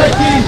Thank you.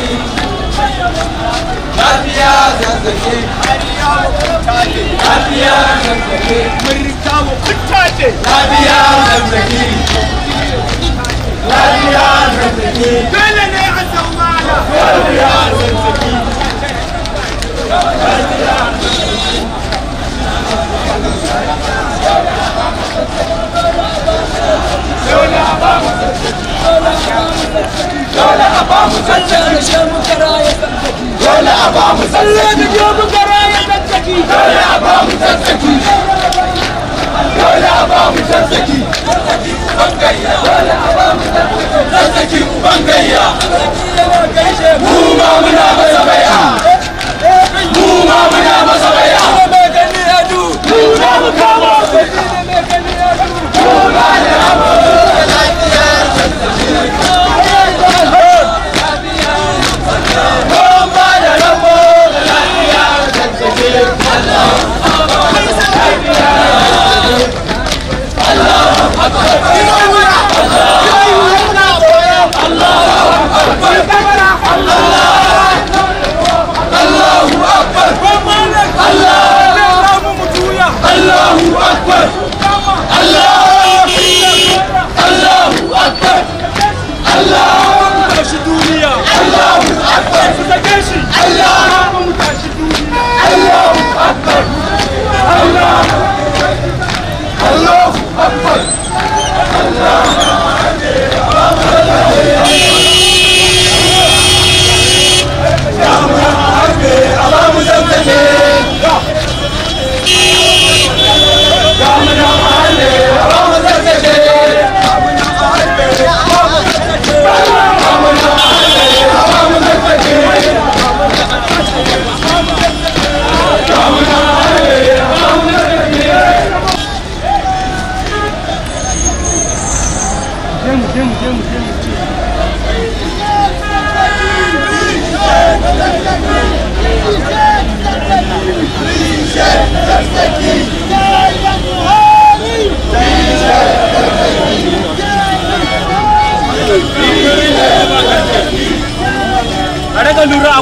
Aliya zazzage Aliya mutuntaje Aliya zazzage Murta mutuntaje Aliya zazzage Aliya zazzage Dole ne a samu ala Aliya ba mu tsallake aka lura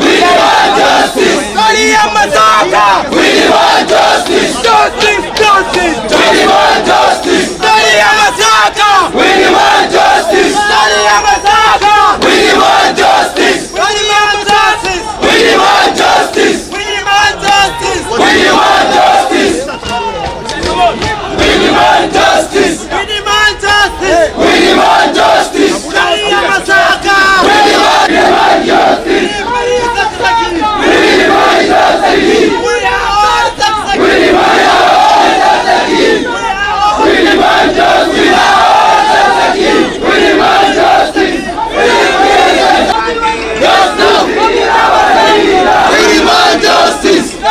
we want justice mazaka we want justice justice justice we want justice ƙariyar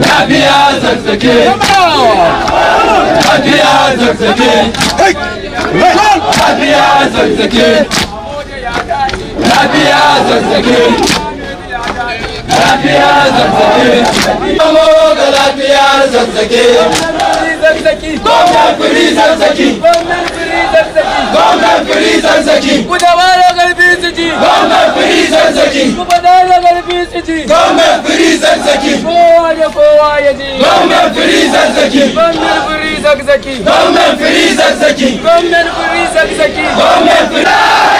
lafiya zazzake lafiya zazzake lafiya zazzake lafiya zazzake lafiya zazzake kamo ga lafiya zazzake gwamnan firi zazzaki gwamnan firi zazzaki gwamnan firi zazzaki ji gwamnan firi zazzaki kowa da kowa ya ji gwamnan firi zazzaki gwamnan firi zazzaki gwamnan firi zazzaki gwamnan firi zazzaki gwamnan firi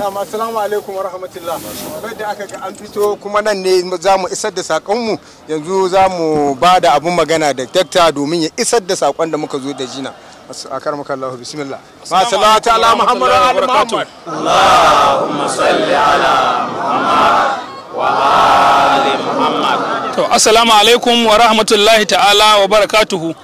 dama assalamu alaikum wa rahmatullah da aka ga an fito kuma nan ne za mu isar da sakonmu yanzu za mu ba da magana da dakta domin ya isar da da muka zo da jina a karmaka Allah bismillah ma ala ala allahumma salli ala muhammad wa ali muhammad to assalamu alaikum wa rahmatullahi ta'ala wa barakatuhu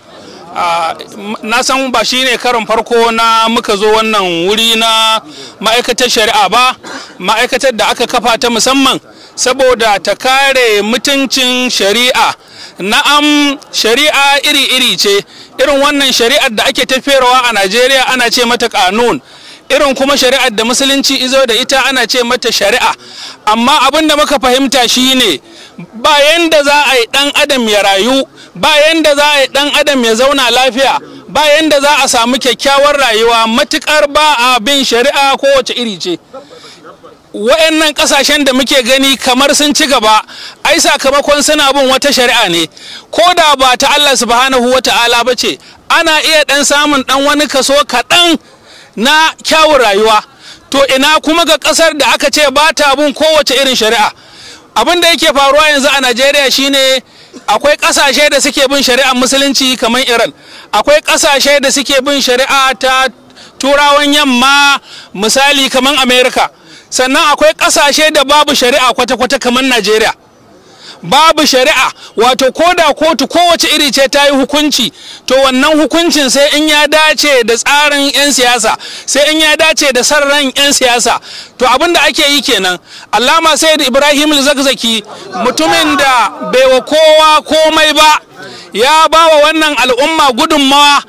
na san ba shi ne karin farko na muka zo wannan wuri na ma'aikatar shari'a ba ma'aikatar da aka kafa ta musamman saboda ta kare mutuncin shari'a na'am shari'a iri-iri ce irin wannan shari'ar da ake tafiyarwa a najeriya ana ce mata kanun irin kuma shari'ar da musulunci izo da ita ana ce mata shari'a amma abin da muka fahimta shine ne Ba yanda za a yi ɗan adam ya rayu Ba yanda za a yi ɗan adam ya zauna lafiya Ba da za a samu kyakkyawar rayuwa matukar ba a bin shari'a kowace iri ce wa'annan kasashen da muke gani kamar sun ci gaba ai sakamakon suna bin wata shari'a ne ko da ba ta Allah subhanahu wa ta'ala ba ce ana iya dan samun dan wani kaso kaɗan na kyawun rayuwa to ina kuma ga ƙasar da aka ce ba ta bin kowace irin shari'a abin da yake faruwa yanzu a najeriya shine akwai kasashe da suke bin shari'ar musulunci kamar iran akwai kasashe da suke bin shari'a ta turawan yamma misali kamar america sannan akwai kasashe da babu shari'a kwata-kwata kamar najeriya babu shari'a wato ko da kotu kowace iri ce ta yi hukunci to wannan hukuncin sai in ya dace da tsarin 'yan siyasa sai in ya dace da san 'yan siyasa to abin da ake yi kenan alama allama da ibrahim zakzaki mutumin da baiwa kowa komai ba ya ba wa wannan al'umma gudunmawa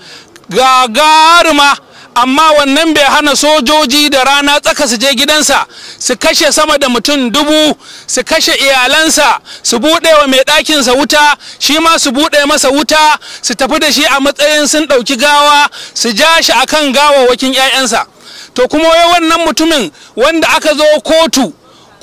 ga gagaruma amma wannan bai hana sojoji da rana tsaka su je gidansa su kashe sama da mutum dubu su kashe iyalansa su buɗe wa mai ɗakinsa wuta shi ma su buɗe masa wuta su tafi da shi a matsayin sun ɗauki gawa su ja shi akan gawawakin 'ya'yansa to kuma wai wannan mutumin wanda aka zo kotu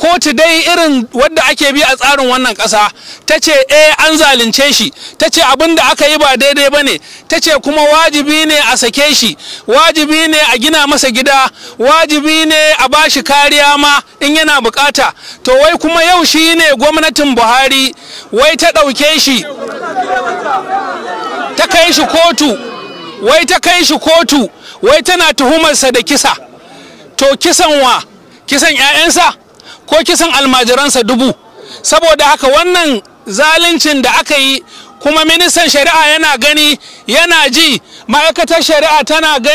kotu dai irin wadda ake bi a tsarin wannan kasa ta ce e an zalunce shi ta ce abin da aka yi ba daidai ba ne ta ce kuma wajibi ne a sake shi wajibi ne a gina masa gida wajibi ne a ba shi kariya ma in yana bukata to wai kuma yau shi ne gwamnatin buhari wai ta ɗauke shi ta kai shi kotu wai ta kai shi kotu wai tana tuhumarsa da kisa to kisan wa kisan 'ya'yansa ko kisan almajiransa dubu saboda haka wannan zaluncin da aka yi kuma ministan shari'a yana gani yana ji ma'aikatar shari'a tana gani